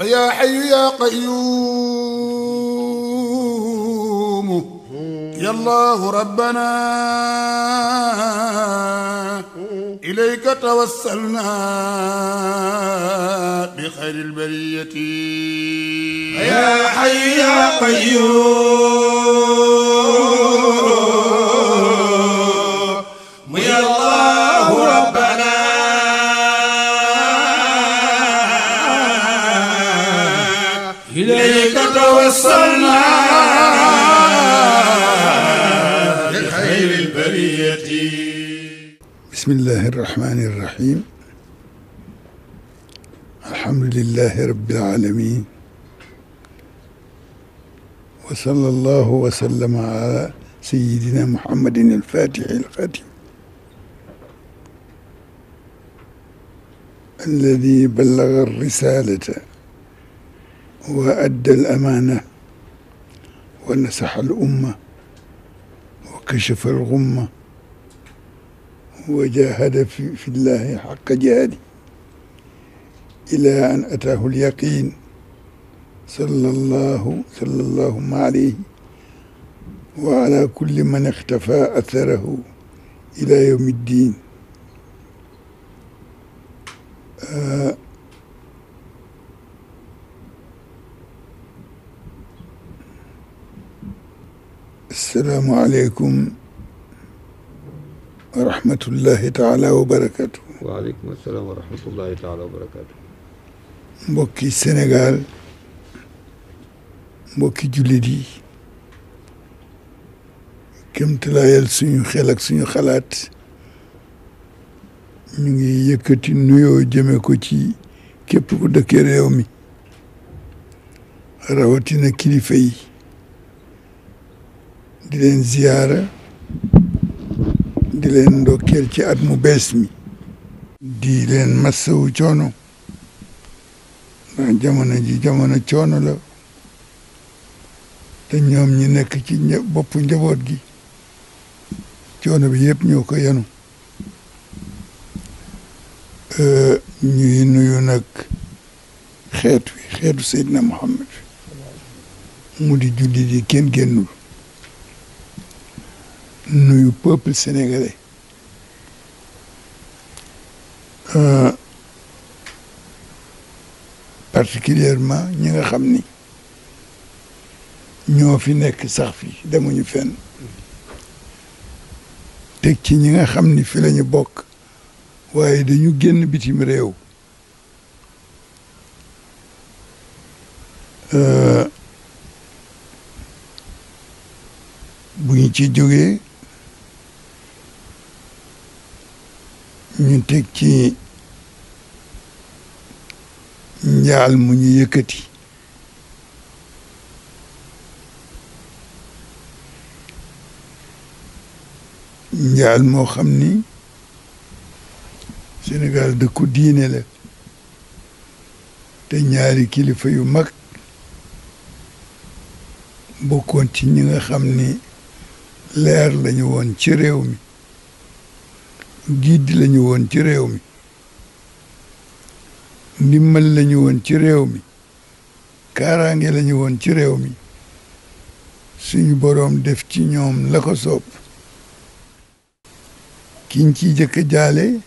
فيا حي يا قيوم يا الله ربنا إليك توسلنا بخير البرية يا حي يا قيوم يا الله بسم الله الرحمن الرحيم الحمد لله رب العالمين وصلى الله وسلم على سيدنا محمد الفاتح الخاتم الذي بلغ الرسالة وأدى الأمانة ونسح الأمة وكشف الغمه وجاهد في, في الله حق جهاده إلى أن أتاه اليقين صلى الله صلى الله عليه وعلى كل من اختفى أثره إلى يوم الدين آه، السلام عليكم ورحمة الله تعالى وبركاته وعليكم السلام ورحمة الله تعالى وبركاته بوكي السنغال بوكي جلدي كم تلايل سنو خلق سنو خلات نيجي يكتي نيو جمي كوتي كيبو دكي ريومي رواتي نكيلي دين زياره di leen ndokkeel ci at mu bees mi di leen massawu coono ndax jamono ji jamono coono la te ñoom ñi nekk ci boppu njaboot gi coono bi yëpp ñoo ko yenu ñuy nuyu nag xeet wi xeetu Seydina Muhammad mu di julli di kenn génnul nuyu peuple sénégalais euh, ñi nga xam ni ñoo fi nekk sax fi demuñu fenn teg ci ñi nga xam ni fi lañu bokk waaye dañu génn bitim réew euh, bu ñu ci jógee ñu teg ci njaal mu ñu yëkkati njaal moo xam ni Sénégal dëkku diine la te ñaari kilifa yu mag bokkoon ci ñi nga xam ni leer lañu woon ci réew mi giidi la woon ci réew mi ndimmal la ñu woon ci réew mi kaaraange lañu woon ci réew mi suñu boroom def ci ñoom la ko soob kiñ ci jëkk jaale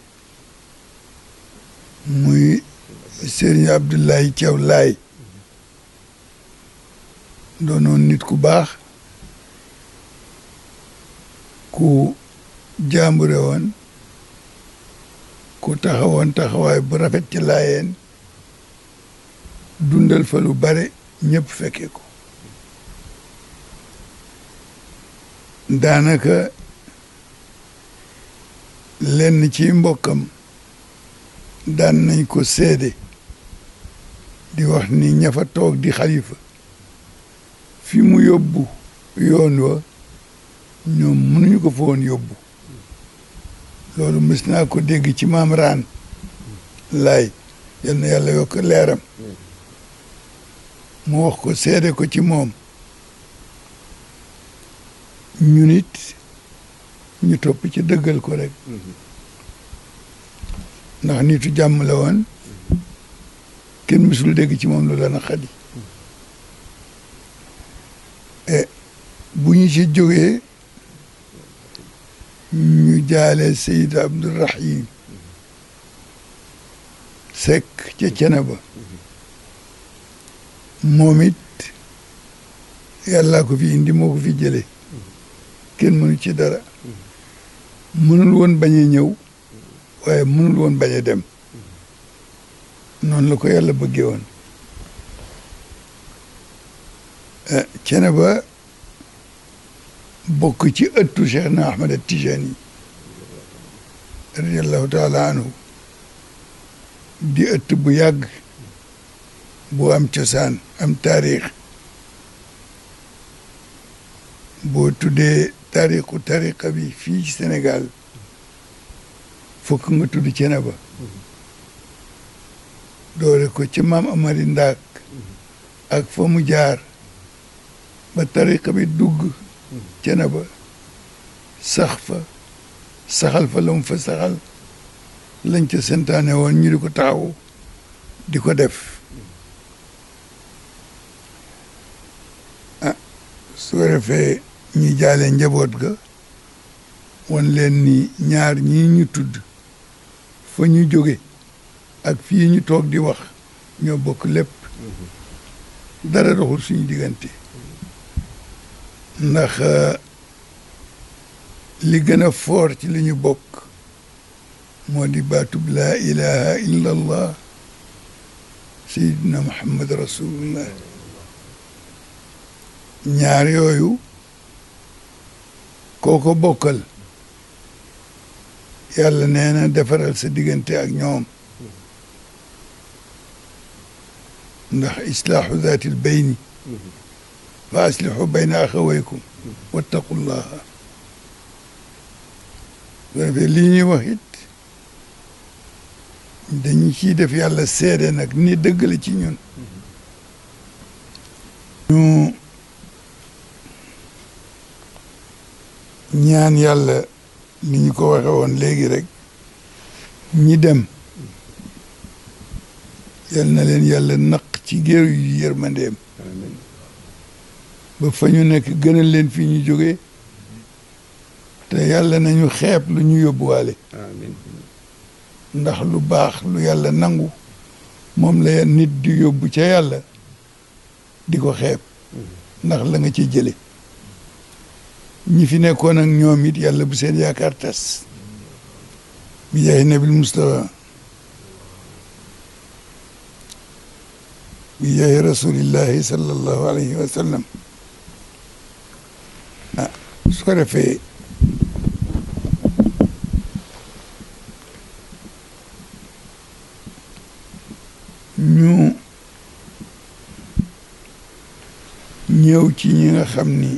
muy Serigne Abdoulaye Thiaw Laay doonoon nit ku baax ku jaambure woon ku taxawoon taxawaay bu rafet ci laayeen dundal fa lu bare ñépp fekke ko daanaka lenn ci mbokkam daan nañ ko seede di wax ni ña fa toog di xalifa fi mu yóbbu yoon wa ñoom mënuñu ko fa woon yóbbu loolu mës naa ko dégg ci maam raan laay yal na yàlla yokk leeram mu wax ko seede ko ci moom ñun it ñu topp ci dëggal ko rek ndax nitu jàmm la woon kenn mësul dégg ci moom lu la naqadi e, bu ñu ci jógee ñu jaale Seyid Abdourahim Sekk ca Ceneba moom it ko fi indi moo ko fi jële kenn mënu ci dara mënul woon bañ ñëw waaye mënul woon bañ dem noonu la ko yàlla bëggee woon eh, Ceneba bokk ci ëttu Cheikhna Ahmada Tijani radiyallahu taala anhu di ëtt bu yàgg boo am cosaan am tarix boo tuddee taarixu tariqa bi fii ci Sénégal fokk nga tudd Cenaba doole ko ci maam Amari Ndaak ak fa mu jaar ba tariqa bi dugg cene ba sax fa saxal fa la mu fa saxal lañ ca sentaane woon ñu di ko taxaw di ko def ah su ñu defee jaale njaboot ga wan leen ni ñaar ñii ñu tudd fa ñu jóge ak fii ñu toog di wax ñoo bokk lépp mm-hmm. dara doxul suñu diggante ndax euh, li gën a foor ci li ñu bokk moo di baatub laa ilaha illa allah sayidina muhammad rasulullah ñaar yooyu koo ko bokkal yàlla nee na defaral sa diggante ak ñoom ndax islaahu zaatil bayni fa aslihu bayna axawaykum wattaqullaha defee lii ñuy wax it dañu ciy def yàlla seede nag ni dëgg ci ñun ñu ñaan yàlla ni ñu ko waxe woon léegi rek ñi dem yal na leen yàlla naq ci géeru yi yërmandeem ba fa ñu nekk gënal leen fii ñu jóge te yàlla nañu xeeb lu ñu yóbbu amiin ndax lu baax lu yàlla nangu moom la nit di yóbbu ca yàlla di ko xeeb ndax la nga ci jële ñi fi nekkoon ak ñoom it yàlla bu seen yaakaar tas bi jaay nabil mustafa bi jaay rasulillahi sallallahu alayhi wa su ko defee ñu ñëw ci ñi nga xam ni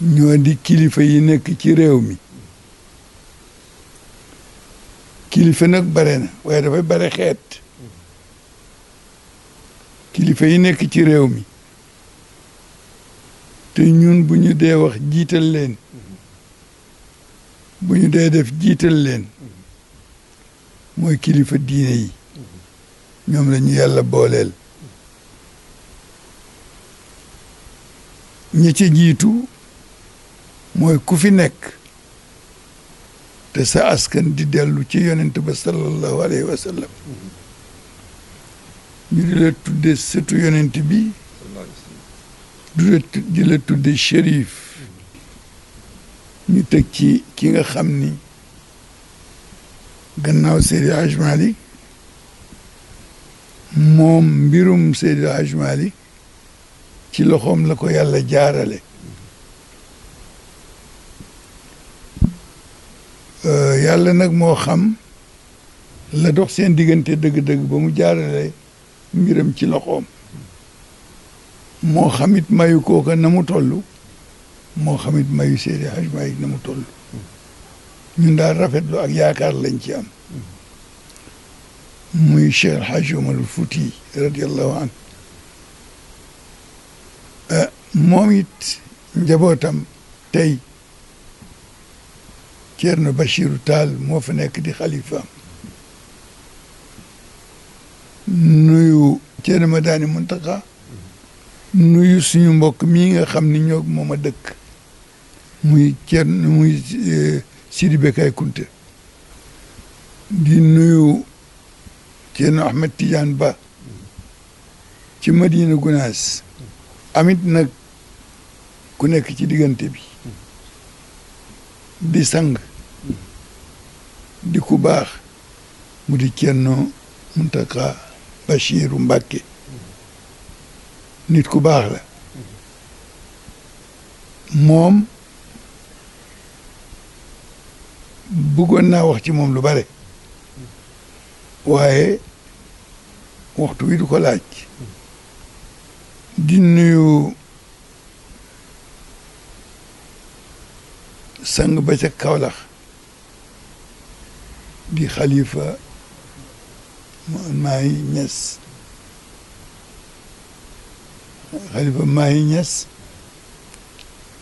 ñoo di kilifa yi nekk ci réew mi kilifa nag bare na waaye dafay bare xeet kilifa yi nekk ci réew mi te ñun bu ñu dee wax jiital leen bu ñu dee def jiital leen mooy kilifa diine yi ñoom lañu yàlla booleel ñi ci jiitu mooy ku fi nekk te sa askan di dellu ci yonent ba sallallahu alayhi wa ñu di la tudde sëtu yonent bi di la tudde shérif ñu teg ci ki nga xam ni gannaaw Seydi Hadj moom mbirum Seydi Hadj Malick ci loxoom la ko yàlla jaarale euh, yàlla nag moo xam la dox seen diggante dëgg-dëgg ba mu jaarale mbiram ci loxoom moo xamit mayu kooka na mu mayu séeri Hajmaï maalik na mu toll ñun daal rafetlu ak yaakaar lañ ci am muy cheikh haj omarul fuuti radiallahu an moom it njabootam tey Ceerno Bachiru Taal moo fa nekk di xalifaam nuyu suñu mbokk mii nga xam ni ñoo moom a dëkk muy Thierno muy eh, Sidibé Kay Kunte di nuyu Thierno Ahmed Tidiane Ba ci Madina Gunaas amit nag ku nekk ci diggante bi di sang di ku baax mu di Thierno Mountakha Bachirou Mbacké nit ku baax la moom bëggoon naa wax ci moom lu bare waaye waxtu wi du ko laaj di nuyu sang ba ca Kawlax di xalifa maay ñes xalifa Mahi Niass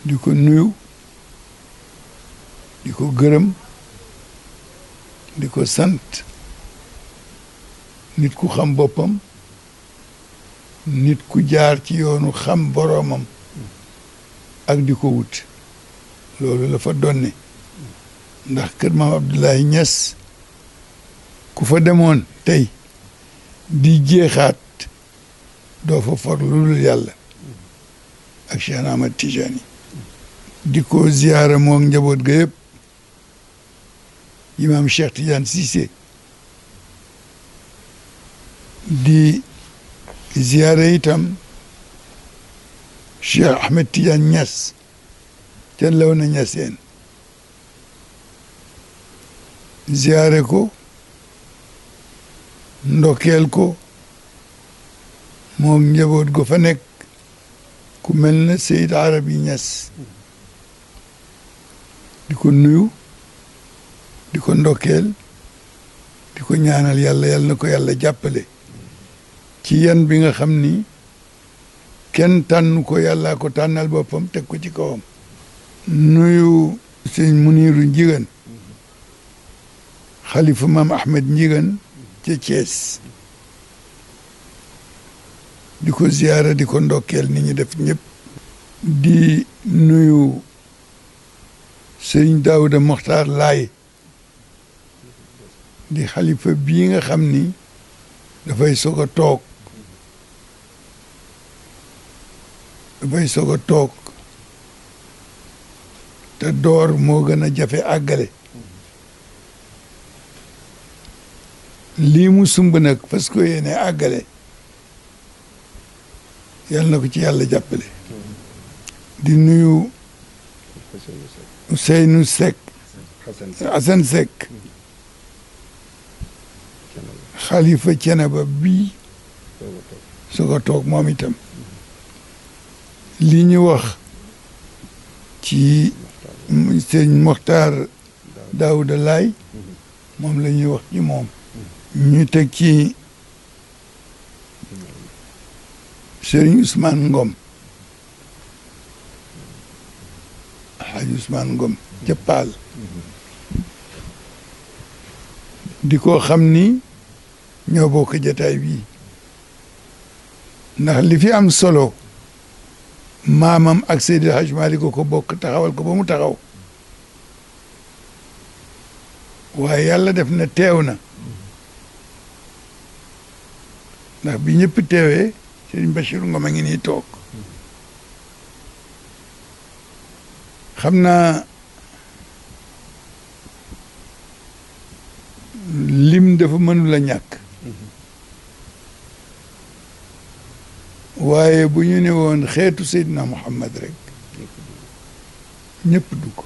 di ko nuyu di ko gërëm di ko sant nit ku xam boppam nit ku jaar ci yoonu xam boroomam ak di ko wut loolu la fa donne ndax kër maam Abdoulaye Niass ku fa demoon tey di jeexaat doo fa for lu dul yàlla ak Cheikh Ahmad Tijani di ko ziyaara moo njaboot ga yëpp imam Cheikh Tidiane Cissé di ziyaara itam Cheikh Ahmed Tidiane Niass ca Léona Niassène ziyaare ko ndokkeel ko moom njaboot gu fa nekk ku mel na Seyid Arabi Ñas di ko nuyu di ko ndokkeel di ko ñaanal yàlla yàlla na ko yàlla jàppale ci yan bi nga xam ni kenn tànn ko yàlla ko tànnal boppam teg ko ci kawam nuyu sëñ Muniru Njigan xalifa maam Ahmed Njigan ca Thiès di ko ziyaara di ko ndokkeel ni ñu def ñëpp di nuyu sëriñ Daouda Mokhtar Laye di xalifa bii nga xam ni dafay soog a toog dafay soog a toog te door moo gën a jafe àggale lii mu sumb nag fas ko yéene àggale yàlla na ko ci yàlla jàppale di nuyu Ousseynou Seck Assane Seck xalifa Ceneba bi su ko toog moom itam li ñu wax ci sëñ Mokhtar Daouda moom la ñuy wax ci moom ñu teg ci Serigne Ousmane Ngom Alhaji Ousmane Ngom ca Paal di ko xam ni ñoo bokk jataay bii ndax li fi am solo maamam ak Seydi Hajj Malik ko bokk taxawal ko ba mu taxaw waaye yàlla def na teew na ndax bi ñëpp teewe Serigne Bachirou Ngom a ngi nii toog xam naa lim dafa mënul a ñàkk waaye bu ñu ne woon xeetu Seydina Muhammad rek ñëpp dugg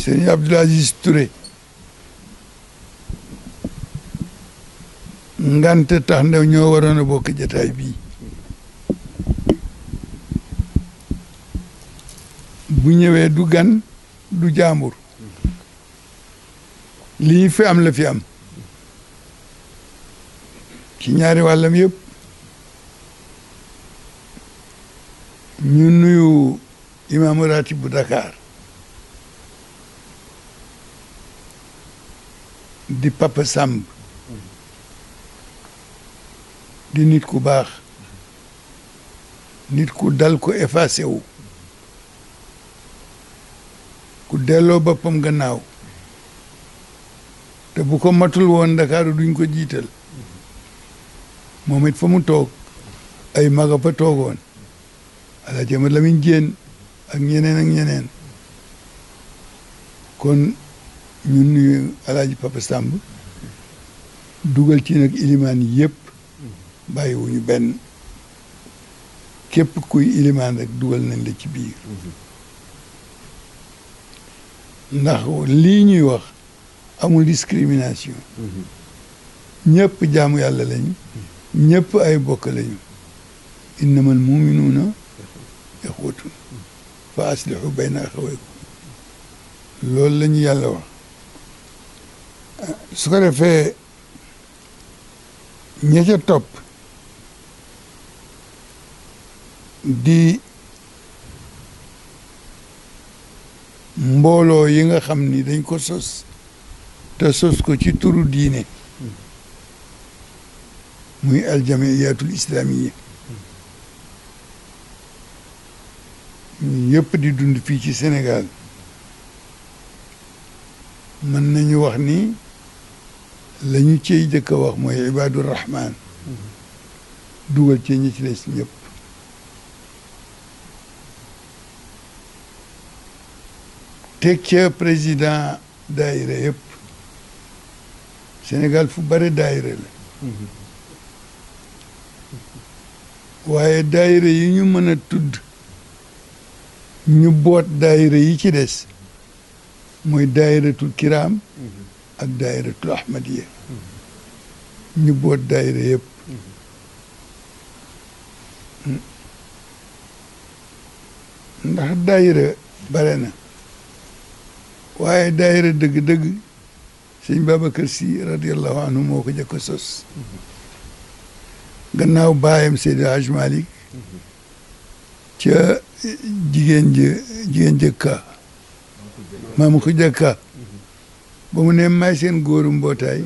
Serigne Abdoul Aziz Touré ngante tax ndew ñoo waroon a bokk jataay bii bu ñëwee du gan du jaambur lii fi am la fi am ci ñaari wàllam yëpp ñu nuyu imaamu ratib bu Dakar di Papa Samb di nit ku bax nit ku dal ku effacer wu ku delo bopam gannaaw te bu ko matul won dakar duñ ko jital momit famu tok ay maga fa togon ala jema lamin jéen ak ñeneen ak ñeneen kon ñun ala alaaji papa samb dugal ci nak iliman yépp bàyyiwuñu benn képp kuy ilimaan rek dugal nañ la ci biir ndax lii ñuy wax amul discrimination ñëpp jaamu yàlla lañu ñépp ay bokk lañu innamal muminuuna ixwatun fa aslihu bayna axawaykum loolu la ñu yàlla wax su ko defee ña topp di mbooloo yi nga xam ni dañ ko sos te sos ko ci turu diine muy aljamiyatul islamiya yëpp di dund fii ci Sénégal mën nañu wax ni lañu ci ciy jëkk a wax mooy ibadur rahman dugal ci ñu ci les ñëpp teg président daayira yëpp Sénégal fu bari daayira la waaye daayira yi ñu mën a tudd ñu boot daayira yi ci des mooy daayiratul kiraam ak daayiratul ahmadiya ñu boot daayira yëpp ndax daayira bare na waaye daayira dëgg-dëgg sëñ Babacar Sy radiallahu anhu moo ko jëkk gannaaw baayam Seydi Hadj Malick ca jigéen jë jigéen jëkka maamu ko ba mu ne may seen góoru mbootaay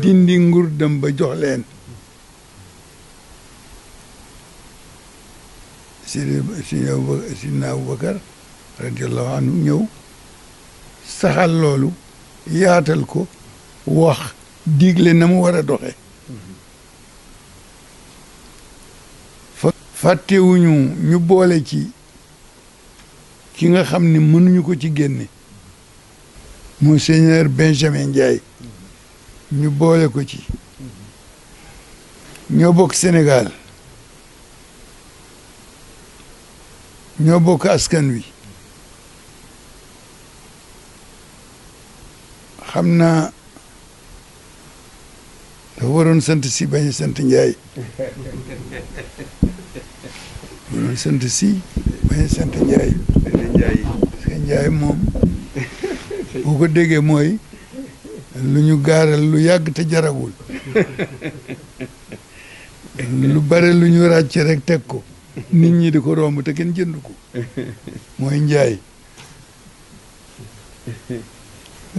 dindi ngur dem ba jox leen Seydi radiallahu anhu ñëw saxal loolu yaatal ko wax digle na mu war a doxe fàttewuñu ñu boole ci ki nga xam ne mënuñu ko ci génne monseigneur Benjamin Ndiaye ñu boole ko ci ñoo bokk Sénégal ñoo bokk askan wi am naa dafa waroon sant si bañ a sant njaay waroon sant si bañ a sant njaay parce njaay moom boo ko déggee mooy lu ñu gaaral lu yàgg te jaragul lu bare lu ñu ràcc rek teg ko nit ñi di ko romb te kenn jënd ko mooy njaay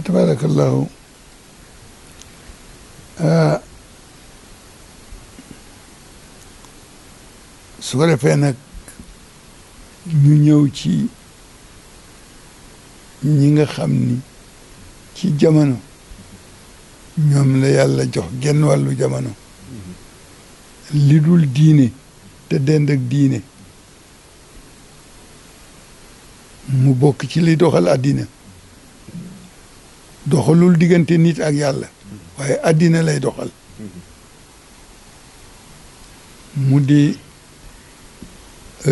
fa tabarakallahu su ko nag ñu ñëw ci ñi nga xam ni ci jamono ñoom la yàlla jox genn wàllu jamono li dul diine te dend ak diine mu bokk ci li doxal àddina doxalul diggante nit ak yàlla waaye àddina lay doxal mu di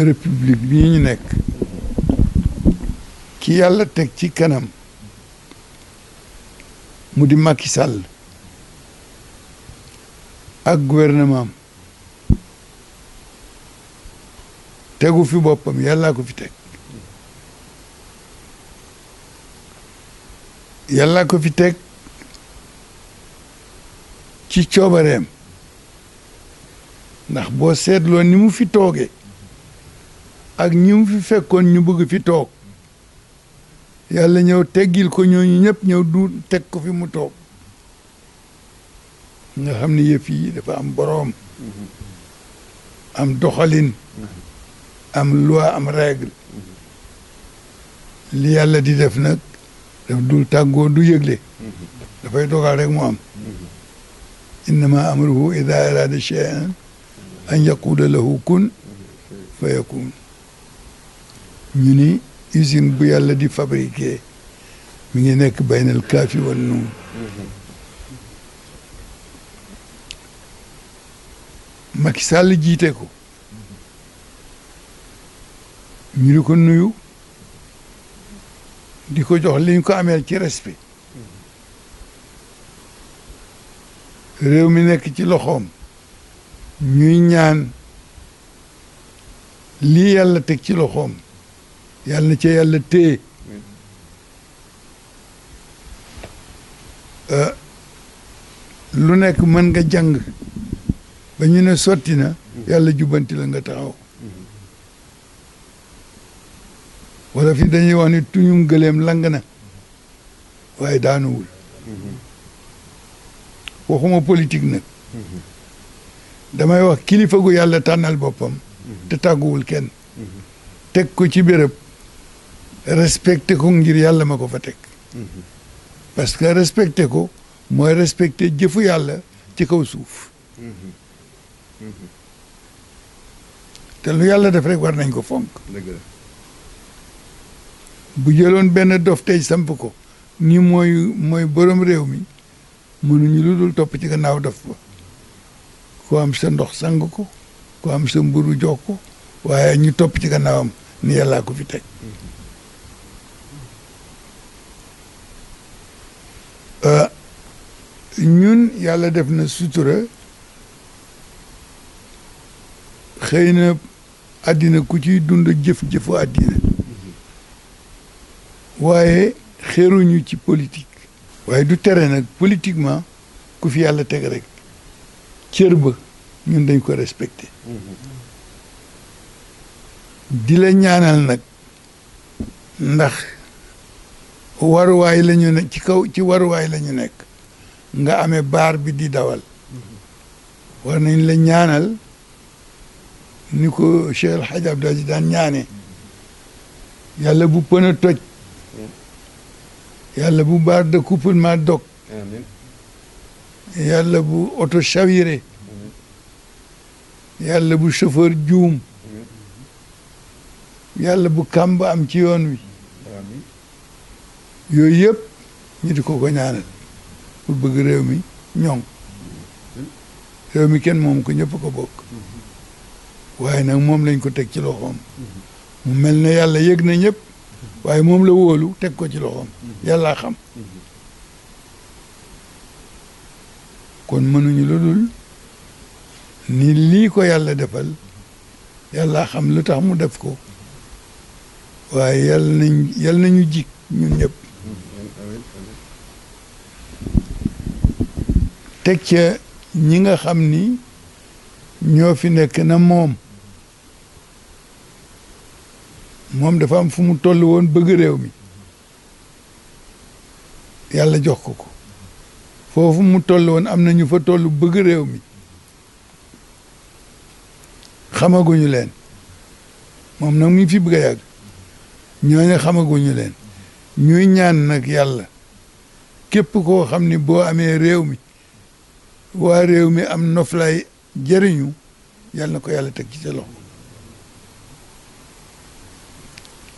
république bi ñu nekk ki yàlla teg ci kanam mu di Macky Sall ak gouvernement tegu fi boppam yàllaa ko fi teg yàlla ko fi teg ci coobareem ndax boo seetloo ni mu fi tooge ak ñi mu fi fekkoon ñu bëgg fi toog yàlla ñëw teggil ko ñooñu ñëpp ñëw du teg ko fi mu toog nga xam ne yëf yi dafa am boroom am doxalin am loi am règle li yàlla di def nag daf dul tàggoo du yëgle dafay dogal rek mu am innama amruhu ida arada cheyan an yaquula lahu kun fa yakun ñu ni bu yàlla di fabriqué mi ngi nekk baynal kaafi wan nuun Macky jiite ko ñu di nuyu di ko jox liñ ko ameel ci respect réew mi nekk ci loxoom ñuy ñaan lii yàlla teg ci loxoom yàlla na ca yàlla tée euh, lu nekk mën nga jàng ba ñu ne sotti na yàlla jubbanti la nga taxaw wala fi dañuy wax ni tuñum gëléem lang na waaye daanuwul waxuma politik nag damay wax kilifa gu yàlla tànnal boppam te tàgguwul kenn teg ko ci béréb respecté ko ngir yàlla ma ko fa teg parce que respecté ko mooy respecté jëfu yàlla ci kaw suuf te lu yàlla def rek war nañ ko fonk bu jëloon benn dof tey samp ko ni mooy mooy réew mi mënuñu lu dul topp ci gannaaw dof ba am sa ndox sang ko ku am sa mburu jox ko waaye ñu topp ci gannaawam ni yàllaa ko fi teg euh, ñun yàlla def na sutura xëy na àddina ku ciy dund jëf-jëfu àddina waaye xeeruñu ci politique waaye du tere nag politiquement ku fi yàlla teg rek cër ba ñun dañ ko respecté di la ñaanal nag ndax waruwaay la ñu ne ci kaw ci waruwaay la ñu nekk nga amee baar bi di dawal war nañ la ñaanal ni ko Cheikh El Hadj daan ñaane yàlla bu pën a toj yàlla bu baar de couplement dog yàlla bu oto chaviré yàlla bu chauffeur juum yàlla bu kàmb am ci yoon wi yooyu yëpp ñu di ko ko ñaanal pour bëgg réew mi ñoŋ réew mi kenn moom ko ñëpp ko bokk waaye nag moom lañ ko teg ci loxoom mu mel ne yàlla yëg na ñëpp waaye moom la wóolu teg ko ci loxoom yàllaa xam kon mënuñu lu dul ni lii ko yàlla defal yàllaa xam lu tax mu def ko waaye yàlla nañ yàlla nañu jik ñun ñëpp teg ca ñi nga xam ni ñoo fi nekk na moom moom dafa am fu mu toll woon bëgg réew mi yàlla jox ko ko foofu mu toll woon am na ñu fa tollu bëgg réew mi xamaguñu leen moom nag mi fi bëgg a yàgg ñooñu xamaguñu leen ñuy ñaan nag yàlla képp koo xam ni boo amee réew mi waa réew mi am noflaay jëriñu yàlla ko yàlla teg ci sa loxo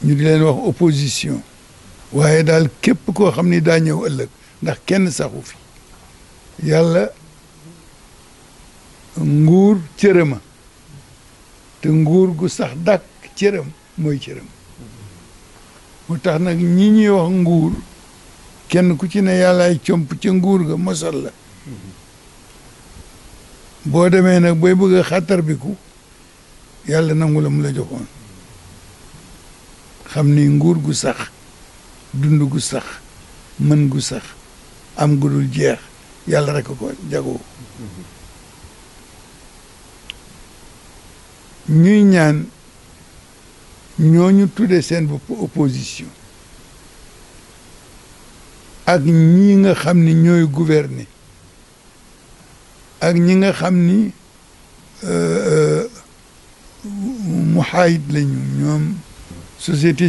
ñu di leen wax opposition waaye daal képp koo xam ni daa ñëw ëllëg ndax kenn saxu fi yàlla nguur cërëma te nguur gu sax dàkk cërëm mooy cërëm moo tax nag ñi ñuy wax nguur kenn ku ci ne yàllaay comp ci nguur ga mosal la boo demee nag booy bëgg a xàttar biku yàlla nangu la mu la joxoon xam ni nguur gu sax dund gu sax mën gu sax am gu dul jeex yàlla rek ko jagoo ñuy ñaan ñoo ñooñu tuddee seen bopp opposition ak ñi nga xam ni ñooy gouverner ak ñi nga xam ni euh, euh, muhaayid lañu ñoom société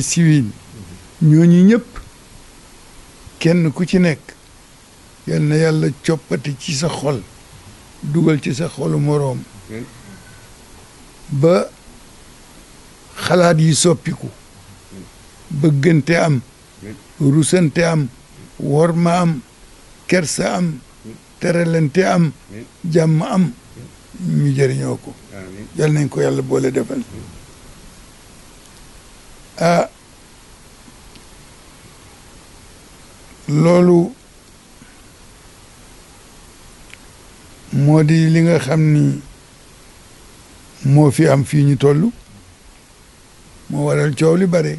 ñoo ñu ñëpp kenn ku ci nekk yal na yàlla coppati ci sa xol dugal ci sa xolu moroom ba xalaat yi soppiku bëggante am rusante am worma am kersa am teralante am jàmm am ñu jariñoo ko yal nañ ko yàlla boole defal a loolu moo di li xam ni moo fi am fii ñu toll moo waral coow li bare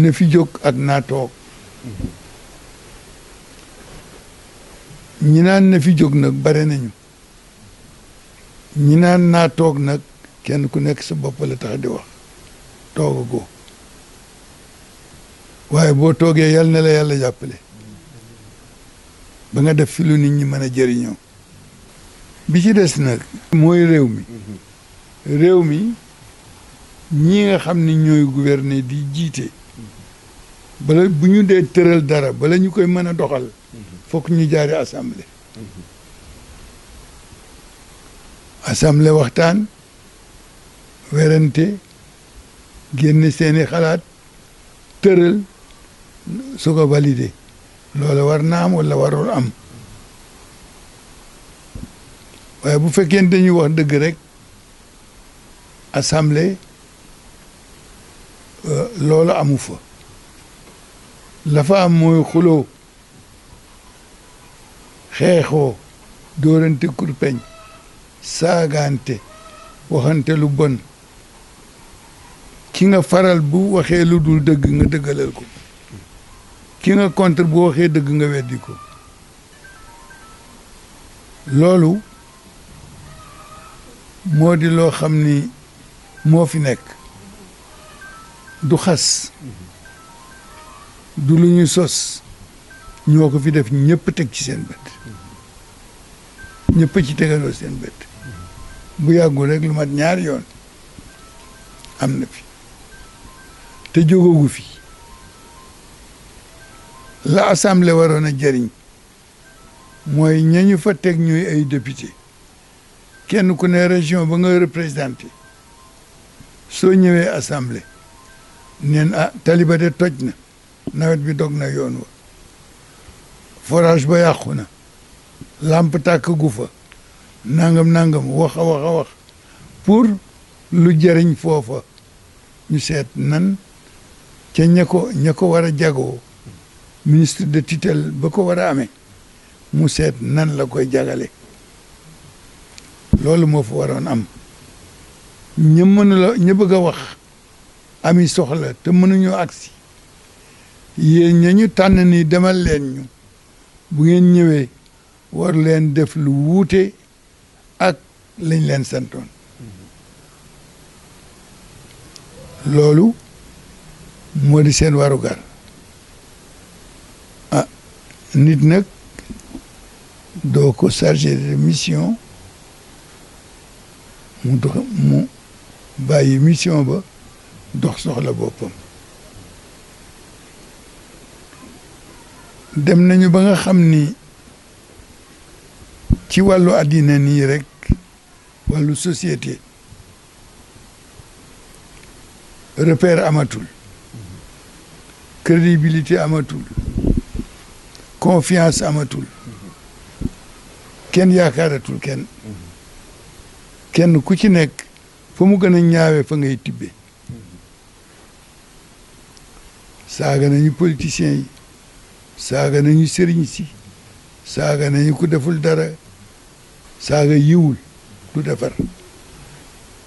ne fi jóg ak naa toog ñi naan na fi jóg nag bare nañu ñi naan naa toog nag kenn ku nekk sa bopp la tax di wax ko waaye boo toogee yal na la yàlla jàppale ba nga def fi lu nit ñi mën a jëriñoo bi ci des nag mooy réew mi réew mi ñi nga xam ni ñooy gouverner di jiite bala bu ñu dee tëral dara bala ñu koy mën a doxal fokk ñu jaare assemblée assemblée waxtaan werante génn seeni xalaat tëral su ko validé loola war na am wala warul am waaye bu fekkeen dañuy wax dëgg rek assemblée euh, loola amu fa la fa am mooy xuloo xeexoo dóorante kurpeñ saagaante waxante lu bon ki nga faral bu waxe lu dul deug nga deugalal ko ki nga contre bu waxe deug nga weddi ko lolou modi di xamni mo fi nek du xass du lu ñu sos ñoko fi def ñepp tek ci seen bet ñepp ci tegalo seen bet bu yagul rek lu mat ñaar yoon amna fi te jógogu fi la assemblée waroon a jëriñ mooy ñañu fa teg ñuy ay député kenn ku ne région ba nga représenté soo ñëwee assemblée neen ah taliba de toj na nawet bi dog na yoon wa forage ba yàqu na làmp tàkk gu fa nangam nangam wax a wax a wax pour lu jëriñ foofa ñu seet nan ca ña ko war a jagoo ministre de tutelle ba ko war a amee mu seet nan la koy jagale loolu moo fa waroon am ña mën ña bëgg a wax ami soxla te mënuñoo agsi yéen ña ñu tànn ni demal leen ñu bu ngeen ñëwee war leen def lu wuute ak lañ leen santoon loolu moo di seen warugar a ah, nit nag doo ko chargé de mission mu dox mu bàyyi mission ba dox soxla boppam dem nañu ba nga xam ni ci wàllu àddina nii rek wàllu société repère amatul crédibilité amatul confiance amatul kenn yaakaaratul kenn kenn ku ci nekk fa mu gën a ñaawee fa ngay tibbe saaga nañu politiciens yi saaga nañu sëriñ si saaga nañu ku deful dara saaga yiwul du defar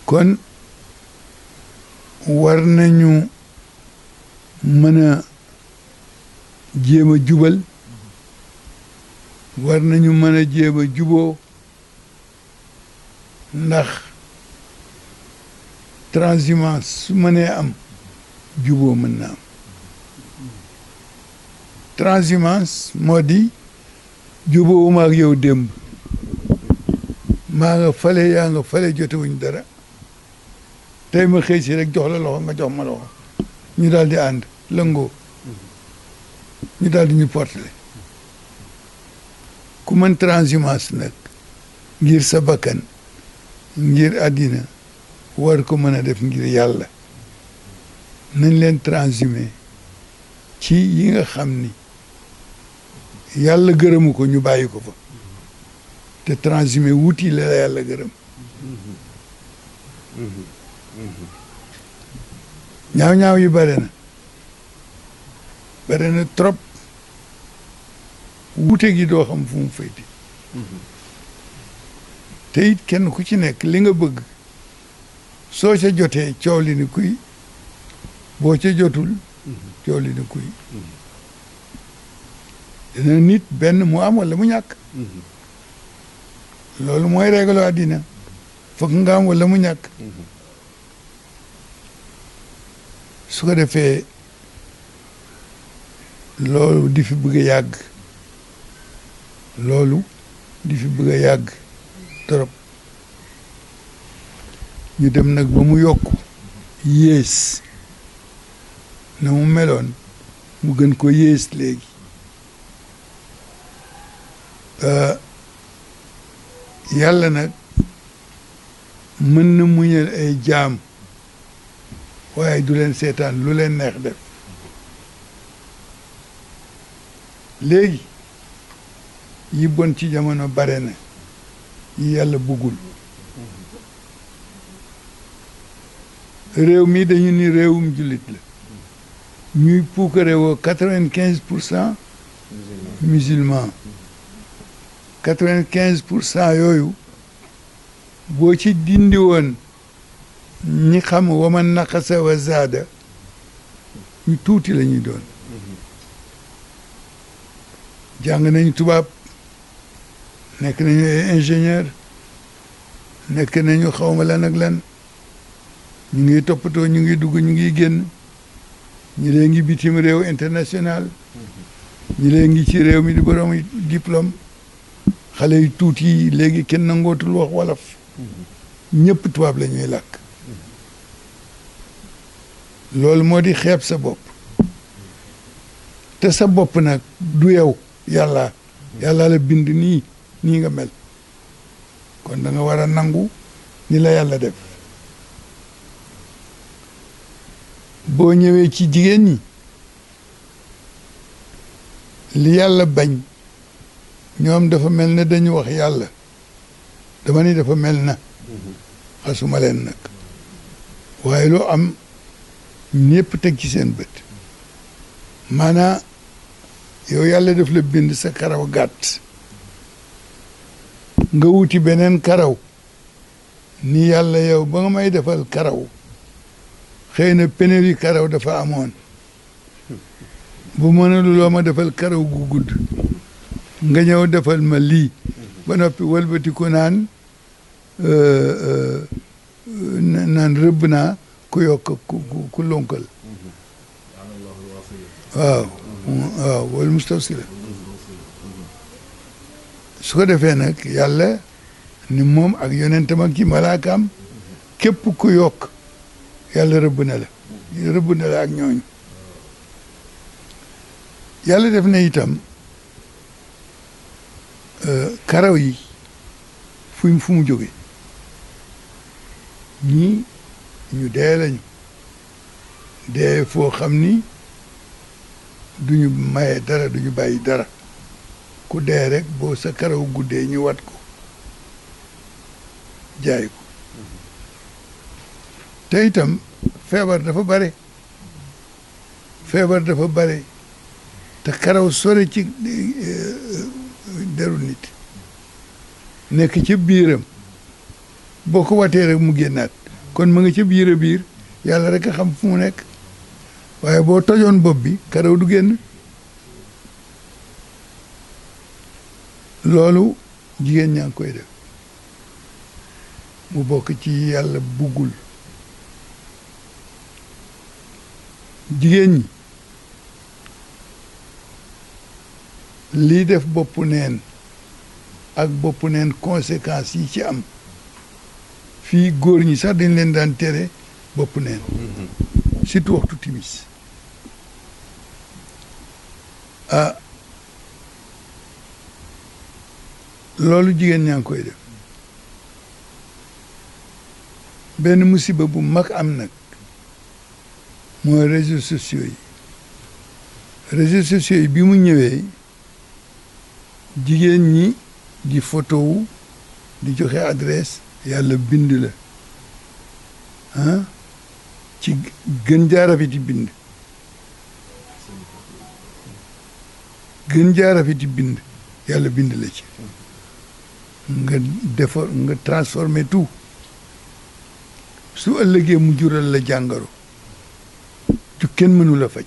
kon war nañu mën a jéem a jubal war nañu mën a jéem a juboo ndax transhumance su mënee am jubo mën na am transhumance moo di juboo ma ak yow démb maa nga fale yaa nga fale jotewuñ dara tey ma xëy si rek jox la loxo nga jox ma loxo ñu daal di ànd lëngoo ñu daal di ñu portele ku mën transhumance nag ngir sa bakkan ngir àddina war ko mën a def ngir yàlla nañ leen transhumé ci yi nga xam ni yàlla gërëmu ko ñu bàyyi ko fa te transhumé wuti la yàlla gërëm ñaaw-ñaaw yi bëri na bëri na trop wuute gi doo xam fu mu fayti te it kenn ku ci nekk li nga bëgg soo ca jotee coow li ni kuy boo ca jotul coow li ni kuy dina nit benn mu am wala mu ñàkk loolu mooy réglo àddina fokk nga am wala mu ñàkk su ko defee loolu di fi bëgg a yàgg loolu di fi bëgg a yàgg trop ñu dem nag ba mu yokk yées na mu meloon mu gën ko yées léegi yàlla nag mën na mu muñal ay jaam waaye du leen seetaan lu leen neex def léegi yi bon ci jamono bare na yi yàlla bugul réew mi dañu ni réewum jullit la ñuy puukare woo musulman ci dindi ñi xam waman naqasa wa zaada ñu tuuti la ñuy doon jàng nañu tubaab nekk nañu ay nekk nañu xawma lan ak lan ñu ngi toppatoo ñu ngi dugg ñu ngi génn ñu lee ngi bitim réew international ñu lee ngi ci réew mi di borom diplôme xale yu tuuti yi léegi kenn nangootul wax wolof ñëpp tubaab lañuy ñuy làkk loolu moo di xeeb sa bopp te sa bopp nag du yow yàlla yàlla la bind nii nii nga mel kon danga war a nangu ni la yàlla def boo ñëwee ci jigéen ñi li yàlla bañ ñoom dafa mel ne dañu wax yàlla dama ni dafa mel na mm-hmm. xasuma leen nag waaye lu am ñëpp teg ci seen bët maanaa yow yàlla def la bind sa karaw gàtt nga wuti beneen karaw ni yàlla yow ba nga may defal karaw xëy na pénurie karaw dafa amoon bu mënul loo ma defal karaw gu gudd nga ñëw defal ma lii ba noppi wëlbatiku naan euh, euh, euh, naan rëbb naa ku yokk ku ku lonkal waaw waaw wala mustawsira su ko defee nag yàlla ni moom ak yonentam ak ci malaakaam képp ku yokk yàlla rëbb na rëbb na ak ñooñu yàlla def na itam euh, karaw yi fu mu jóge ñii ñu dee lañu dee foo xam ni duñu maye dara duñu bàyyi dara ku dee rek boo sa karaw guddee ñu wat ko jaay ko te itam feebar dafa bare feebar dafa bare te karaw sore ci e, e, deru nit nekk ci biiram boo ko watee rek mu génnaat kon mu ngi ci biir a biir yàlla rek a xam fu mu nekk waaye boo tojoon bopp bi karaw du génn loolu jigéen ñaa ngi koy def mu bokk ci yàlla buggul jigéen ñi lii def boppu neen ak boppu neen conséquences yi ci am fii góor ñi sax dañ leen daan tere bopp neen surtout waxtu timis ah, loolu jigéen ñaa ngi koy def benn musiba bu mag am nag mooy réseaux sociaux yi réseaux sociaux yi bi mu ñëwee jigéen ñi di photo di joxe adresse yàlla bind la ah ci gën jaa rafeti bind gën jaa bind yàlla bind la ci nga defar nga transformer tout su ëllëgee mu jural la jàngoro ju kenn mënula faj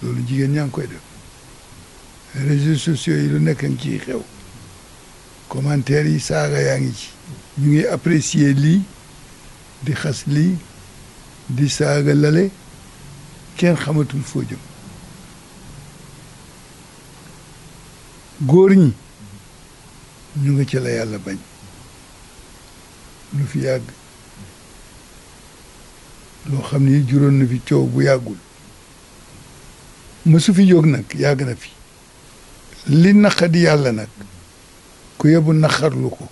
loolu jigéen ñaa ngi koy def réseaux sociaux yi lu nekk ngi ciy xew commentaire yi saaga yaa ngi ci ñu ngi apprécier lii di xas lii di saaga lale kenn xamatul foo jëm góor ñi ñu nga ci la yàlla bañ lu fi yàgg loo xam juróon na fi coow bu yàggul mësu fi jóg nag yàgg na fi li naqadi yàlla nag ku yebu naqarlu ko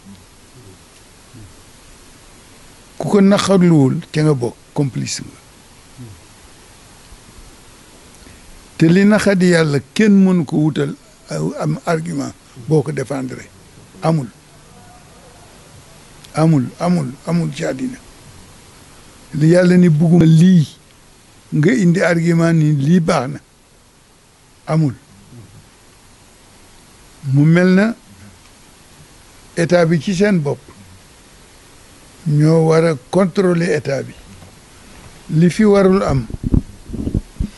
ku ko naqarluwul ca nga bokk complice nga te li naqadi yàlla kenn mënu ko wutal am argument boo ko défendre amul amul amul amul ci àddina yàlla ni bugguma lii nga indi argument ni lii baax na amul mu mel na état bi ci seen bopp ñoo war a contrôler état bi li fi warul am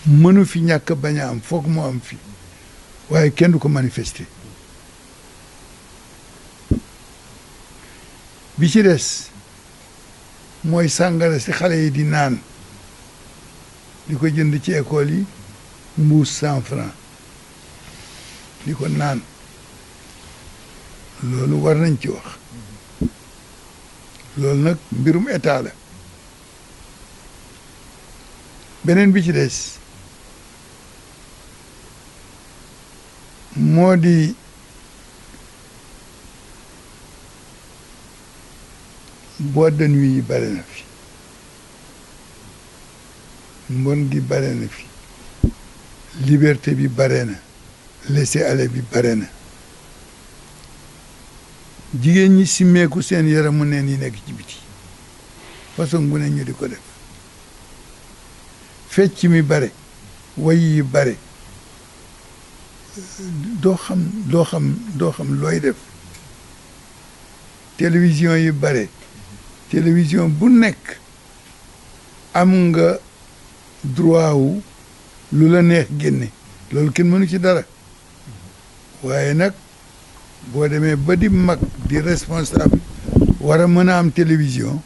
mënu fi ñàkk bañ a am foog mu am fi waaye kenn du ko manifester bi ci des mooy sàngara si xale yi di naan di ko jënd ci école yi mbuus cent franc di ko naan loolu war nañ ci wax loolu nag mbirum etaa la beneen bi ci des moo di boîte de nuit yi bale na fi mbon gi bale na fi liberté bi bare na laisser aller bi bare na jigéen ñi simmeeku seen yaramu neen yi nekk ci biti façon bu ne ñu di ko def fecc mi bare way yi bare doo xam doo xam doo xam looy def télévision yi bare télévision bu nekk am nga droit wu lu la neex génne loolu kenn mënu ci dara waaye nag boo demee ba di mag di responsable war a mën am télévision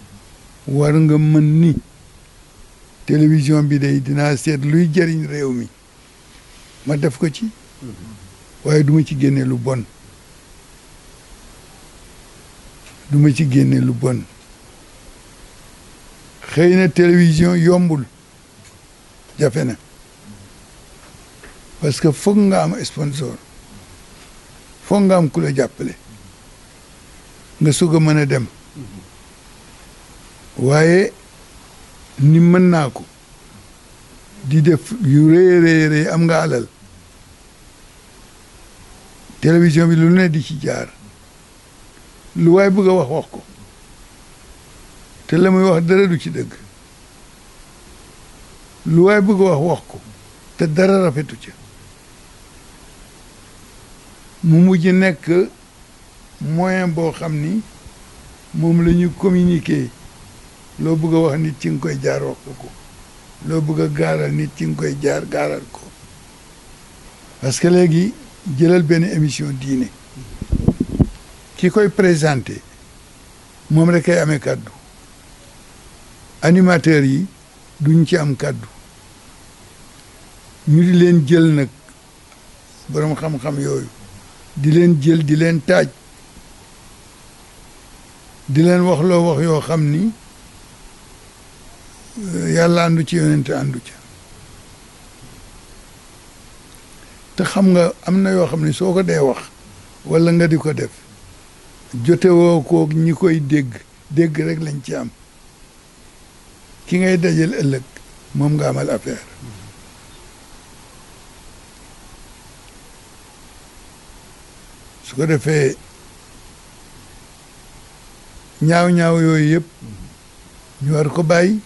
war nga mën ni télévision bi day dinaa seet luy jëriñ réew mi ma def ko ci waaye duma ci génne lu bon duma ci génne lu bon xëy na télévision yombul jafe na parce que foog nga am sponsor foog nga am ku la jàppale nga soog a mën a dem waaye ni mën naa ko di def yu rëy rëy rëy am nga alal télévision bi lu ne di ci jaar lu waay bëgg a wax wax ko te la muy wax dara du ci dëgg lu waay bëgg wax wax ko te dara rafetu ca mu mujj nekk moyen boo xam ni moom la ñu communiquer loo bugg a wax nit ci nga koy jaar wax ko loo bëgg a gaaral nit ci nga koy jaar gaaral ko parce que léegi jëlal benn émission diine ki koy présente moom rek ay amee kàddu animateurs yi duñ ci am kàddu ñu di leen jël nag borom xam-xam yooyu di leen jël di leen taaj di leen wax loo wax yoo xam ni euh, yàlla àndu ci yonente àndu ca te xam nga am na yoo xam ne soo ko dee wax walla nga di ko def jotewoo ko ñi koy dégg dégg rek lañ ci am ki ngay dajal ëllëg moom nga amal affaire su defee ñaaw-ñaaw yooyu yépp ñu war ko bàyyi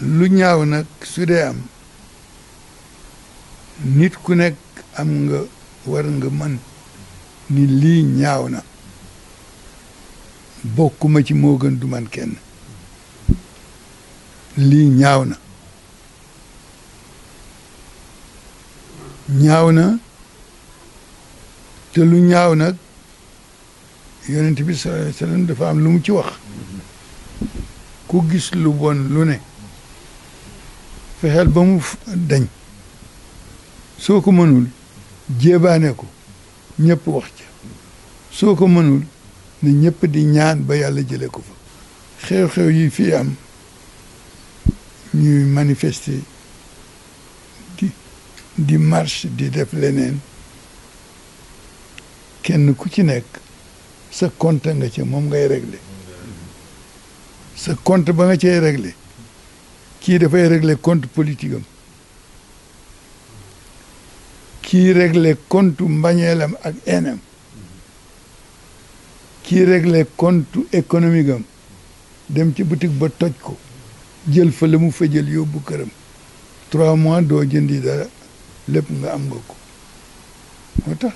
lu ñaaw nag su dee am nit ku nekk am nga war nga man ni lii ñaaw na bokkuma ci moo gën du man kenn lii ñaaw na ñaaw na te lu ñaaw nag yonent bi sallallahu alayhi dafa am lu mu ci wax ku gis lu bon lu ne fexeel ba mu dañ soo ko mënul jéebaane ko ñépp wax ca soo ko mënul ne ñëpp di ñaan ba yàlla jëlee ko fa xew-xew yi fii am ñuy manifester di marche di def leneen kenn ku ci nekk sa compte nga ca moom ngay régler sa compte ba nga cay régler kii dafay régler compte politique am kii régler compte mbañeelam ak enam kii régler compte économique dem ci boutique ba toj ko jël fa la mu fa jël yóbbu këram trois mois doo jëndi dara lépp nga am nga ko moo tax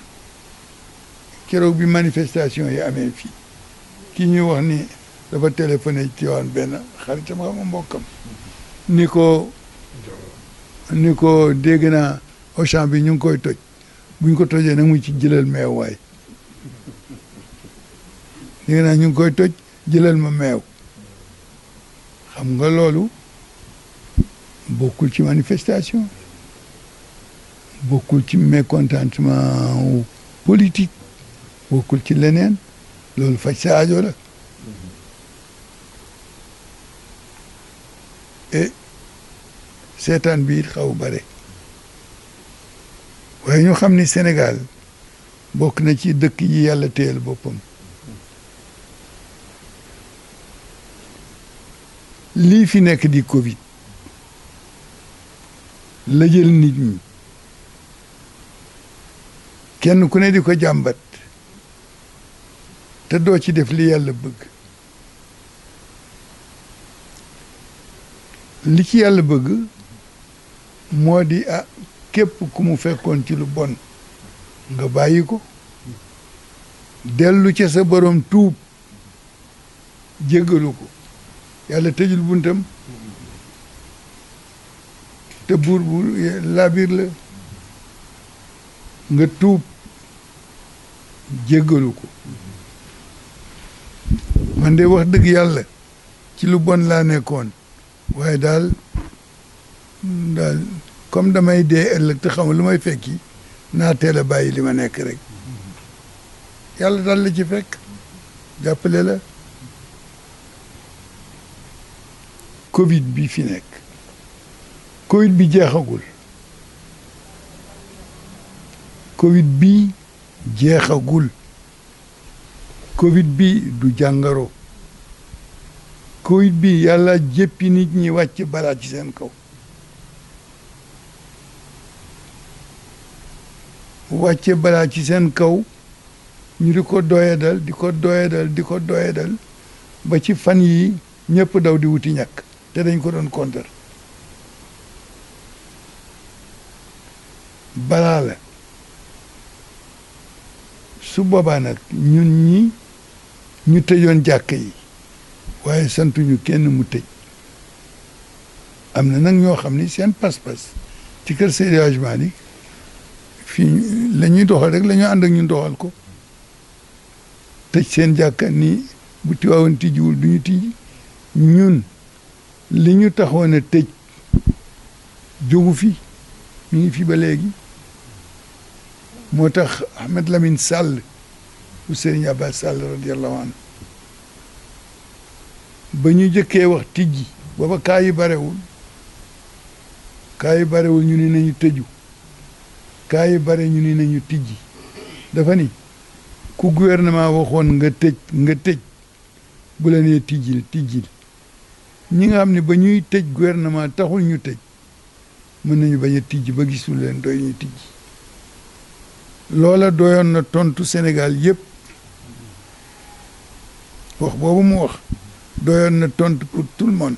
keroog bi manifestation yi amee fii ki ñuy wax ni dafa téléphoné ci waan benn xaritam xam mbokkam ni ko ni ko dégg naa Auchan bi ñu ngi koy toj buñ ko tojee na mu ci jëlal meew waay dégg naa ñu ngi koy toj jëlal ma meew xam nga loolu bokkul ci manifestation bokkul ci mécontentement wu bokkul ci leneen loolu faj sa la seetaan bi it xaw bare waaye ñu xam ni Sénégal bokk na ci dëkk yi yàlla téyel boppam lii fi nekk di Covid la nit ñi kenn ku ne di ko jàmbat te doo ci def li yàlla bëgg li ci yàlla bëgg moo di a ah, képp ku mu fekkoon ci lu bon nga bàyyi ko dellu ca sa borom tuub jéggalu ko yàlla tëjul buntam te buur bu eh, la nga tuub jéggalu ko man de wax dëgg yàlla ci lu bon laa nekkoon waaye daal daal comme damay dee ëllëg te xam lu may fekki naa teel a bàyyi li ma nekk rek yàlla daal la ci fekk jàppale la covid bi fi nekk covid bi jeexagul covid bi jeexagul covid bi du jàngaro covid bi yàlla jéppi nit ñi wàcc balaa ci seen kaw wàcce balaa ci seen kaw ñu di ko doyadal di ko doyadal di ko doyadal ba ci fan yi ñëpp daw di wuti ñakk te dañ ko doon kontar balaa la su boobaa nag ñun ñi ñu tëjoon jàkk yi waaye santuñu kenn mu tëj am na nag ñoo xam ni seen pas-pas ci kër Seydi Hadji Malick fii la ñuy doxal rek la ñu ànd ñun doxal ko tëj seen jàkka ni bu tiwaawoon tijjiwul du ñu tijji ñun li ñu taxoon a tëj jógu fi ñu ngi fi ba léegi moo tax Ahmed Lamine sàll bu Serigne Abbas Sall radiyallahu ba ñu jëkkee wax tijji booba kaa yi barewul kaa yi barewul ñu ni nañu tëju kaa yi bare ñu ni ñu tijji dafa ni ku gouvernement waxoon nga tëj nga tëj bu la nee tijjil tijjil ñi nga xam ni ba ñuy tëj guvernement taxul ñu tëj mën nañu bañ a tijji ba gisul leen doy ñu tijji lola doyoon na tontu Sénégal yëpp wax bobu mu wax doyoon na tontu pour tout le monde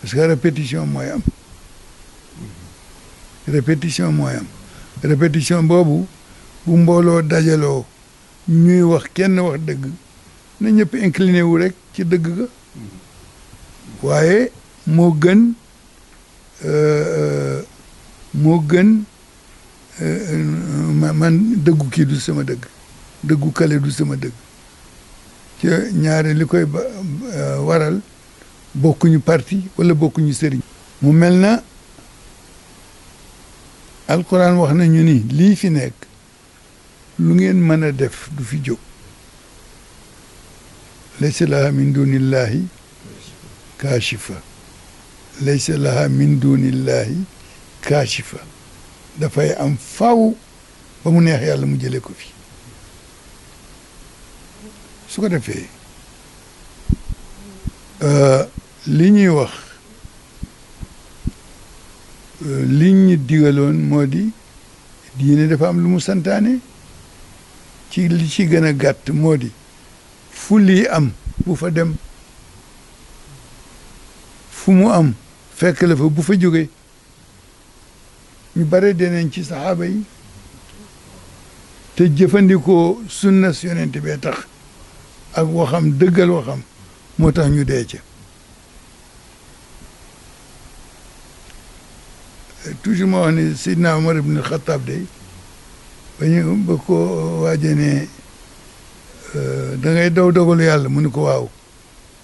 parce que répétition mooy am répétition mooy am répétition bobu bu mbolo dajaloo ñuy wax kenn wax deug na ñepp incliné wu rek ci deug ga waaye mo gën euh, euh, mo gën man dëggu kii du sama dëgg dëggu kale du sama dëgg ci ñaare li koy euh, waral bokkuñu parti wala bokkuñu sëriñ mu mel na alquran wax nañu ni lii fi nekk lu ngeen mën a def du fi jóg laysa laha min dunillahi kaashifa laysa laha min dunillahi kaashifa dafay am faaw ba mu neex yàlla mu jëlee ko fi su ko defee euh, li ñuy wax euh, li ñu digaloon moo di diine dafa am lu mu santaane ci li ci gën a gàtt moo di fu lii am bu fa dem fu mu am fekk la fa bu fa jógee ñu bare deneen ci saxaaba yi te jëfandikoo sunna si yonent bee tax ak waxam dëggal waxam moo tax ñu dee ca toujours ma wax ni Seydina Omar ibn Khattab day ba ñu ba ko waaje ne euh, dangay ngay daw dogalu yàlla mu ni ko waaw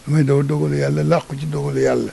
damay daw dogalu yàlla làqu ci dogalu yàlla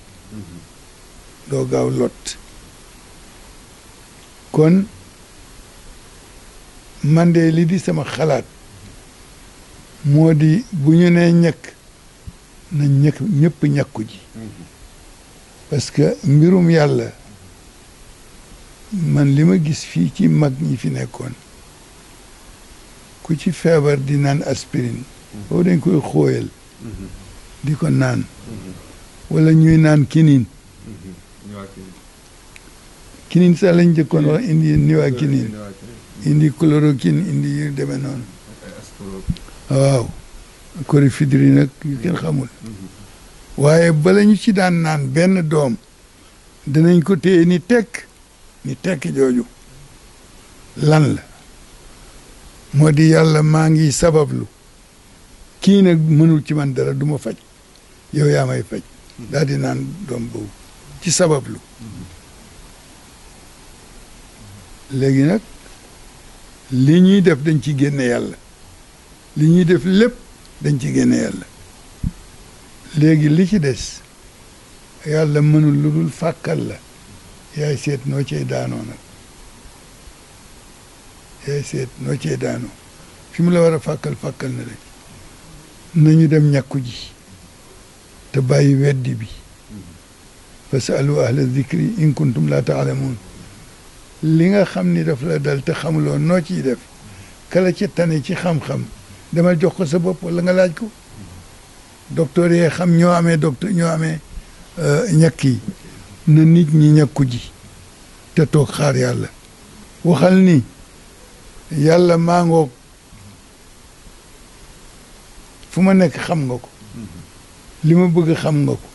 doo gaaw lot kon man de li di sama xalaat moo di bu ñu nee ñëkk na ñëkk ñëpp ñàkku ji parce que mbirum yàlla man li ma gis fii ci mag ñi fi nekkoon ku ci feebar di naan aspirine boobu dañ koy xóoyal di ko naan mm-hmm. wala ñuy naan kinin kinin sax lañ njëkkoon wax indi niwaakinin indi chloroquine indi yu demee noonu waaw corifidri nag yu kenn xamul mm-hmm. waaye bala ci daan naan benn doom dinañ ko téye ni tekk ni tekk jooju lan la moo di yàlla maa ngi sabablu kii nag mënul ci man dara duma faj yow yaa may faj mm-hmm. daal di naan doom boobu ci sabablu mm-hmm. léegi nag li ñuy def dañ ci génne yàlla li ñuy def lépp dañ ci génne yàlla léegi li ci des yàlla mënul lu dul fàkkal la yaay seet noo cee daanoo nag yaay seet noo cee daanoo fi mu la war a fàkkal fàkkal na rek nañu dem ñàkku ji te bàyyi weddi bi fasalu ahla zikri in kuntum la taalamuun li nga xam ni daf la dal te xamuloo noo ciy def kala ci tane ci xam-xam demal jox ko sa bopp wala nga laaj ko docteur yee xam ñoo amee docteur ñoo amee euh, ñàkk yi na nit ñi ñàkku ji te toog xaar yàlla waxal ni yàlla maa ngoog fu ma nekk xam nga ko li ma bëgg xam nga ko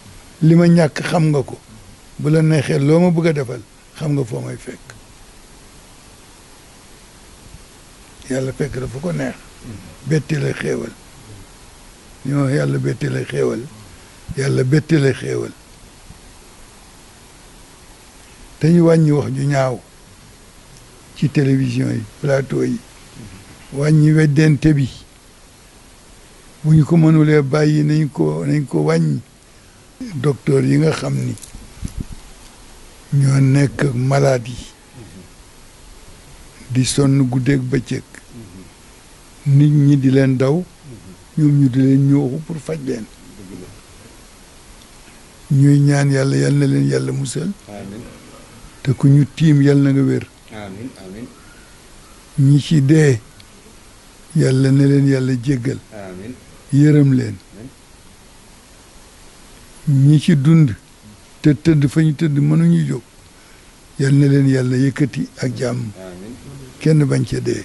li ma ñàkk xam nga ko bu la neexee loo ma bëgg a defal xam nga foo may fekk yàlla fekk la ko neex betti xéewal ñoo yàlla betti xéewal yàlla betti xéewal te ñu wàññi wax ju ñaaw ci télévision yi plateau yi wàññi weddente bi bu ñu ko mënulee bàyyi nañ ko nañ ko wàññi docteur yi nga xam ni ñoo nekk ak di sonn guddeeg bëccëg nit ñi di leen daw mhm. ñoom ñu di leen ñëw pour faj leen ñuy ñaan yàlla yal na leen yàlla musal te ku ñu tiim yal na nga wér Amin. amiin ñi ci dee yàlla na leen yàlla jéggal amiin yërëm leen ñi ci dund te tëdd fa ñu tëdd mënuñu jóg yal na leen yàlla yëkkati ak jàmm kenn bañ ca dee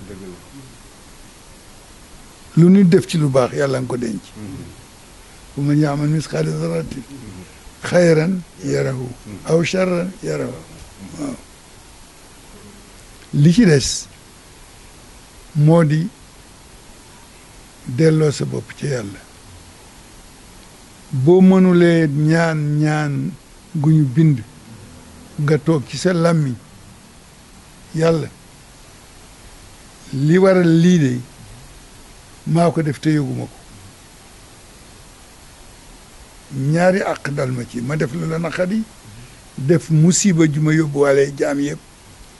lu ñu def ci lu baax yàlla nga ko denc bu ma ñaamal misqaala zarratin xayran yarahu aw charran yarahu li ci des moo di delloo sa bopp ci yàlla boo mënulee ñaan ñaan gu ñu bind nga toog ci sa làmmiñ yàlla li waral lii de maa ko def te ko ñaari ak dal ma ci ma def la la naqadi def musiba ju ma wale jaam yëpp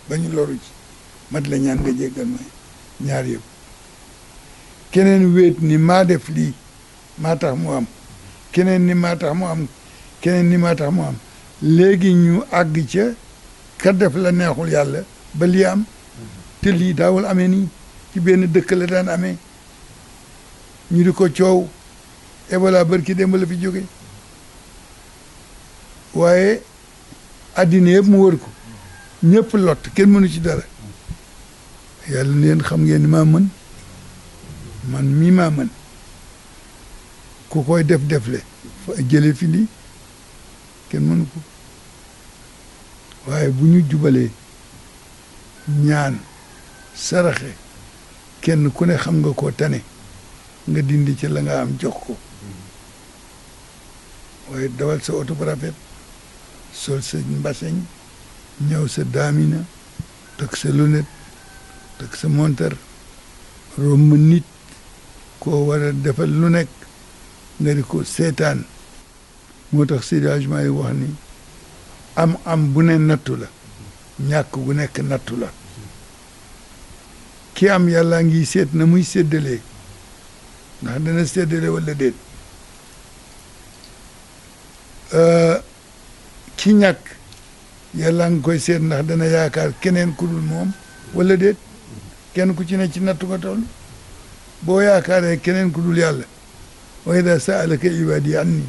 ba ñu loru ci mat la ñaan nga jéggal ma ñaar yëpp keneen wéet ni maa def lii maa tax mu am keneen ni maa tax mu am keneen ni maa am léegi ñu àgg ca ka def la neexul yàlla ba lii am te lii daawul ame nii ci benn dëkk la daan amee ñu di ko coow Ebola bërki démb fi jóge waaye addina yëpp mu wër ko ñëpp lot kenn mënu ci dara yàlla na leen xam ngeen ni maa mën man mi maa mën ku koy def defle fa jële fi lii kenn mënu ko waaye bu ñu jubalee ñaan saraxe kenn ku ne xam nga ko tane nga dindi ci la nga am jox ko waaye dawal sa oto sol sa mbaseñ ñëw sa daamina takk sa lunette montar romb nit koo war a lu nekk nga di ko seetaan moo tax sédagement yi wax am am bu ne nattu la ñàkk bu nekk nattu la ki am yàllaa ngi seet na muy séddalee ndax dana séddale wala déet euh, ki ñàkk yàlla nga koy seet ndax dana yaakaar keneen ku dul moom wala déet kenn ku ci ne ci nattu ko toll boo yaakaaree keneen ku dul yàlla wa ida saalaka ibadi anni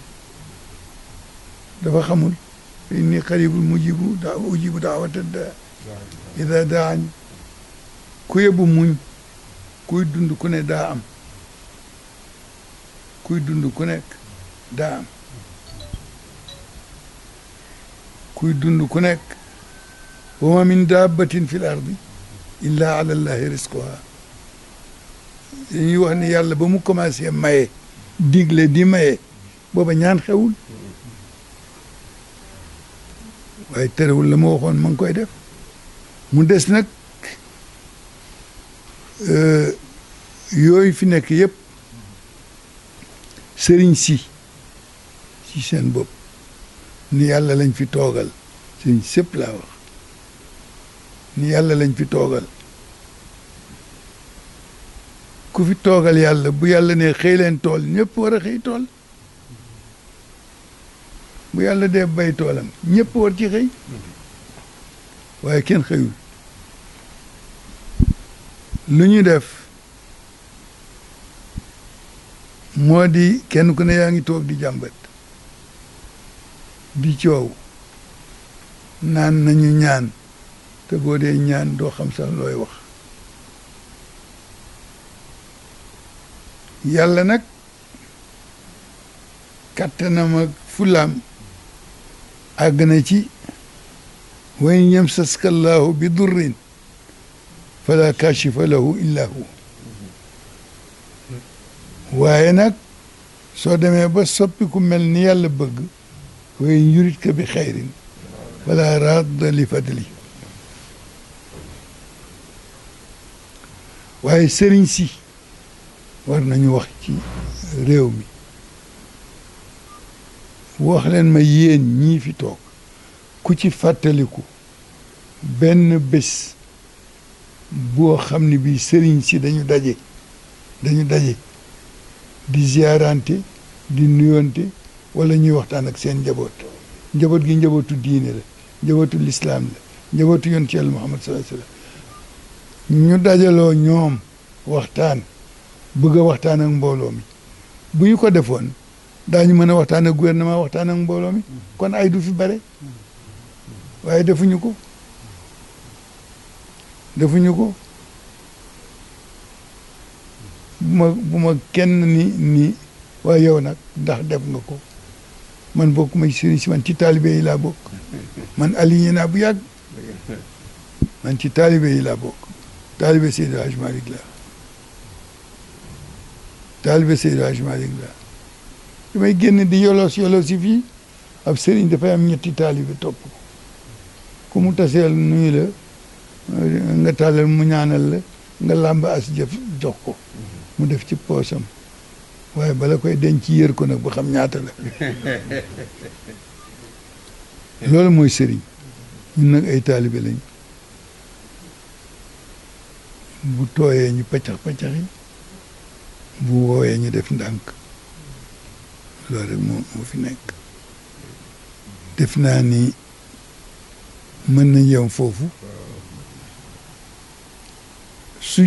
dafa xamul inni xaribul mujibu da ujibu da ida daañ ku yebbu muñ kuy dund ku ne daa am kuy dund ku nekk daa am kuy dund ku nekk wa ma min dabbatin fi l ardi illa ala llahi risquha dañuy wax ne yàlla ba mu commencé maye digle di maye booba ñaan xewul waaye terewul la ma waxoon ma ngi koy def mu des nag euh, yooyu fi nekk yëpp sëriñ si ci seen bopp ni yàlla lañ fi toogal sëriñ sëpp laa wax ni yàlla lañ fi toogal ku fi toogal yàlla bu yàlla ne xëy leen tool ñëpp war a xëy tool bu yàlla dee bay toolam ñëpp war ci xëy waaye kenn xëyul lu ñu def moo di kenn ku ne yaa ngi toog di jàmbat di coow naan nañu ñaan te boo dee ñaan doo xam looy wax yàlla nag kàttanam ak fulaam àgg na ci wayn yamsaska llaahu bi durrin fala kashifa lahu illa hu waaye nag soo demee ba soppi ku mel ni yàlla bëgg way njurit ka bi xayrin wala radda li fadli waaye sëriñ si war nañu wax ci réew mi wax leen ma yéen ñii fi toog ku ci fàttaliku benn bés boo xam ne bii sëriñ si dañu daje dañu daje di ziarante di nuyonte wala ñuy waxtaan ak seen njaboot njaboot gi njabootu diine la njabootu lislaam la njabootu yonent Yàlla Muhammad sallallahu alayhi wasallam ñu dajaloo ñoom waxtaan bëgg a waxtaan ak mbooloo mi bu ko defoon daañu mën a waxtaan ak gouvernement waxtaan ak mbooloo kon ay du fi bare waaye defuñu ko defuñu ko bu ma kenn ni ni waaye yow nag ndax def nga ko man bokk ma sëriñ si man ci taalibe yi laa bokk man aligné naa bu yàgg man ci taalibe yi laa bokk taalibe Seydi Hadj Malick laa taalibe Seydi Hadj Malick génn di yolos yolos yi ab sëriñ dafay am ñetti taalibe topp ko ku mu taseel la nga tàllal mu ñaanal la nga làmb as jëf jox ko mu def ci poosam waaye bala koy denc yër ko nag bu xam ñaata la loolu mooy sëriñ ñun nag ay taalibe lañ bu tooyee ñu paccax paccaxi bu woowee ñu def ndànk loolu rek moo fi nekk def naa ni mën nañ yem foofu su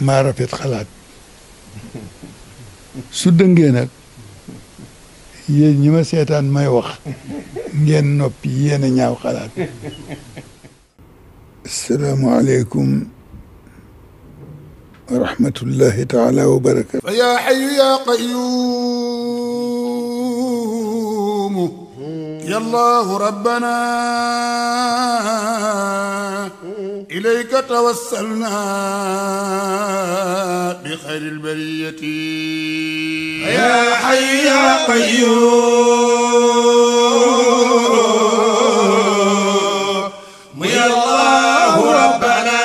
ما رفيت خلاد سودن جينك يجي ما سيتان ما يوخ جين نوب يين نياو خلاد السلام عليكم ورحمة الله تعالى وبركاته يا حي يا قيوم يا الله ربنا إليك توسلنا بخير البرية يا حي يا قيوم يا الله ربنا